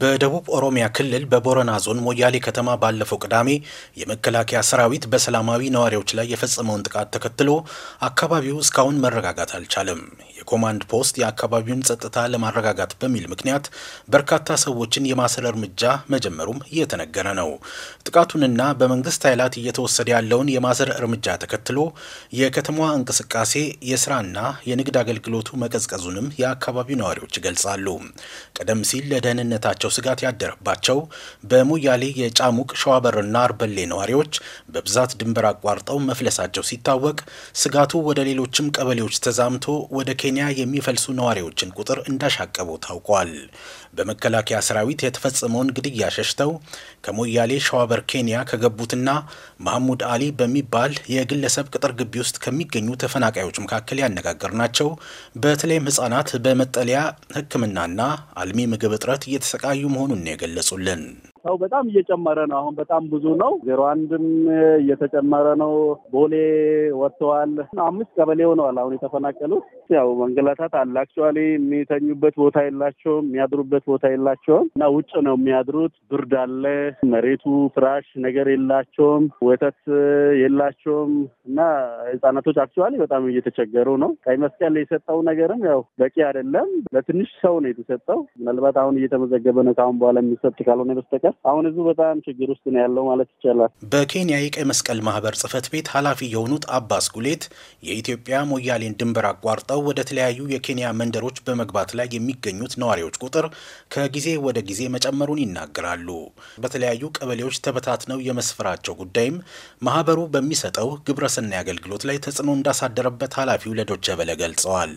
በደቡብ ኦሮሚያ ክልል በቦረና ዞን ሞያሌ ከተማ ባለፈው ቅዳሜ የመከላከያ ሰራዊት በሰላማዊ ነዋሪዎች ላይ የፈጸመውን ጥቃት ተከትሎ አካባቢው እስካሁን መረጋጋት አልቻለም። የኮማንድ ፖስት የአካባቢውን ጸጥታ ለማረጋጋት በሚል ምክንያት በርካታ ሰዎችን የማሰር እርምጃ መጀመሩም እየተነገረ ነው። ጥቃቱንና በመንግስት ኃይላት እየተወሰደ ያለውን የማሰር እርምጃ ተከትሎ የከተማዋ እንቅስቃሴ፣ የስራና የንግድ አገልግሎቱ መቀዝቀዙንም የአካባቢው ነዋሪዎች ይገልጻሉ። ቀደም ሲል ለደህንነት ። ናቸው ስጋት ያደረባቸው። በሙያሌ የጫሙቅ ሸዋበርና አርበሌ ነዋሪዎች በብዛት ድንበር አቋርጠው መፍለሳቸው ሲታወቅ ስጋቱ ወደ ሌሎችም ቀበሌዎች ተዛምቶ ወደ ኬንያ የሚፈልሱ ነዋሪዎችን ቁጥር እንዳሻቀበው ታውቋል። በመከላከያ ሰራዊት የተፈጸመውን ግድያ ሸሽተው ከሞያሌ ሸዋበር ኬንያ ከገቡትና መሐሙድ አሊ በሚባል የግለሰብ ቅጥር ግቢ ውስጥ ከሚገኙ ተፈናቃዮች መካከል ያነጋገር ናቸው። በተለይም ህጻናት በመጠለያ ሕክምናና አልሚ ምግብ እጥረት እየተሰቃ እንዳልተቃዩም መሆኑን የገለጹልን ሰው በጣም እየጨመረ ነው። አሁን በጣም ብዙ ነው። ዜሮ አንድም እየተጨመረ ነው። ቦሌ ወጥተዋል። አምስት ቀበሌ ሆነዋል አሁን የተፈናቀሉት። ያው መንገላታት አለ። አክቹዋሊ የሚተኙበት ቦታ የላቸውም፣ የሚያድሩበት ቦታ የላቸውም እና ውጭ ነው የሚያድሩት። ብርድ አለ። መሬቱ ፍራሽ ነገር የላቸውም፣ ወተት የላቸውም እና ህጻናቶች አክቹዋሊ በጣም እየተቸገሩ ነው። ቀይ መስቀል የሰጠው ነገርም ያው በቂ አይደለም። ለትንሽ ሰው ነው የተሰጠው። ምናልባት አሁን እየተመዘገበ ነው ከአሁን በኋላ የሚሰጥ ካልሆነ በስተቀር አሁን ህዝቡ በጣም ችግር ውስጥ ነው ያለው ማለት ይቻላል። በኬንያ የቀይ መስቀል ማህበር ጽህፈት ቤት ኃላፊ የሆኑት አባስ ጉሌት የኢትዮጵያ ሞያሌን ድንበር አቋርጠው ወደ ተለያዩ የኬንያ መንደሮች በመግባት ላይ የሚገኙት ነዋሪዎች ቁጥር ከጊዜ ወደ ጊዜ መጨመሩን ይናገራሉ። በተለያዩ ቀበሌዎች ተበታትነው የመስፈራቸው ጉዳይም ማህበሩ በሚሰጠው ግብረሰናይ አገልግሎት ላይ ተጽዕኖ እንዳሳደረበት ኃላፊው ለዶች በለ ገልጸዋል።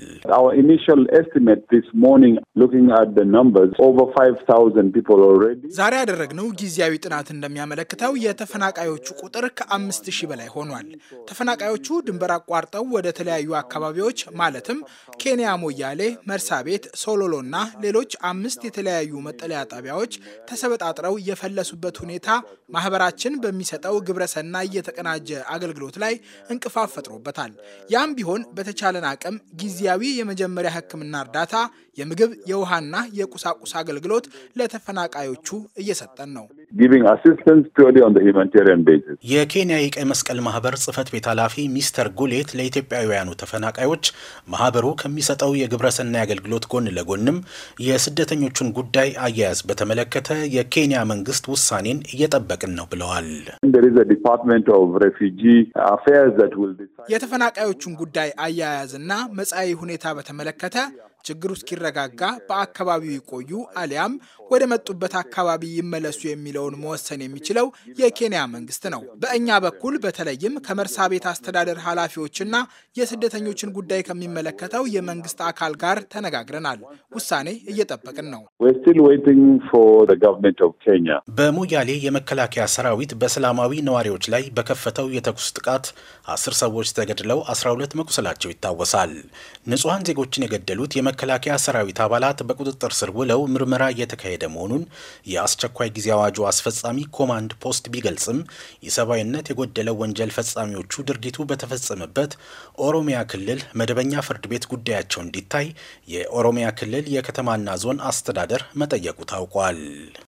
ዛሬ ያደረግነው ጊዜያዊ ጥናት እንደሚያመለክተው የተፈናቃዮቹ ቁጥር ከአምስት ሺህ በላይ ሆኗል። ተፈናቃዮቹ ድንበር አቋርጠው ወደ ተለያዩ አካባቢዎች ማለትም ኬንያ ሞያሌ፣ መርሳቤት፣ ሶሎሎ እና ሌሎች አምስት የተለያዩ መጠለያ ጣቢያዎች ተሰበጣጥረው የፈለሱበት ሁኔታ ማህበራችን በሚሰጠው ግብረሰና የተቀናጀ አገልግሎት ላይ እንቅፋት ፈጥሮበታል። ያም ቢሆን በተቻለን አቅም ጊዜያዊ የመጀመሪያ ሕክምና እርዳታ የምግብ የውሃና የቁሳቁስ አገልግሎት ለተፈናቃዮቹ እየሰጠን ነው። የኬንያ የቀይ መስቀል ማህበር ጽህፈት ቤት ኃላፊ ሚስተር ጉሌት ለኢትዮጵያውያኑ ተፈናቃዮች ማህበሩ ከሚሰጠው የግብረሰናይ አገልግሎት ጎን ለጎንም የስደተኞቹን ጉዳይ አያያዝ በተመለከተ የኬንያ መንግስት ውሳኔን እየጠበቅን ነው ብለዋል። የተፈናቃዮቹን ጉዳይ አያያዝና መጻኢ ሁኔታ በተመለከተ ችግሩ እስኪረጋጋ በአካባቢው ይቆዩ አሊያም ወደ መጡበት አካባቢ ይመለሱ የሚለውን መወሰን የሚችለው የኬንያ መንግስት ነው። በእኛ በኩል በተለይም ከመርሳ ቤት አስተዳደር ኃላፊዎችና የስደተኞችን ጉዳይ ከሚመለከተው የመንግስት አካል ጋር ተነጋግረናል። ውሳኔ እየጠበቅን ነው። በሞያሌ የመከላከያ ሰራዊት በሰላማዊ ነዋሪዎች ላይ በከፈተው የተኩስ ጥቃት አስር ሰዎች ተገድለው አስራ ሁለት መቁሰላቸው ይታወሳል። ንጹሐን ዜጎችን የገደሉት የመከላከያ ሰራዊት አባላት በቁጥጥር ስር ውለው ምርመራ እየተካሄደ መሆኑን የአስቸኳይ ጊዜ አዋጁ አስፈጻሚ ኮማንድ ፖስት ቢገልጽም የሰብአዊነት የጎደለው ወንጀል ፈጻሚዎቹ ድርጊቱ በተፈጸመበት ኦሮሚያ ክልል መደበኛ ፍርድ ቤት ጉዳያቸው እንዲታይ የኦሮሚያ ክልል የከተማና ዞን አስተዳደር መጠየቁ ታውቋል።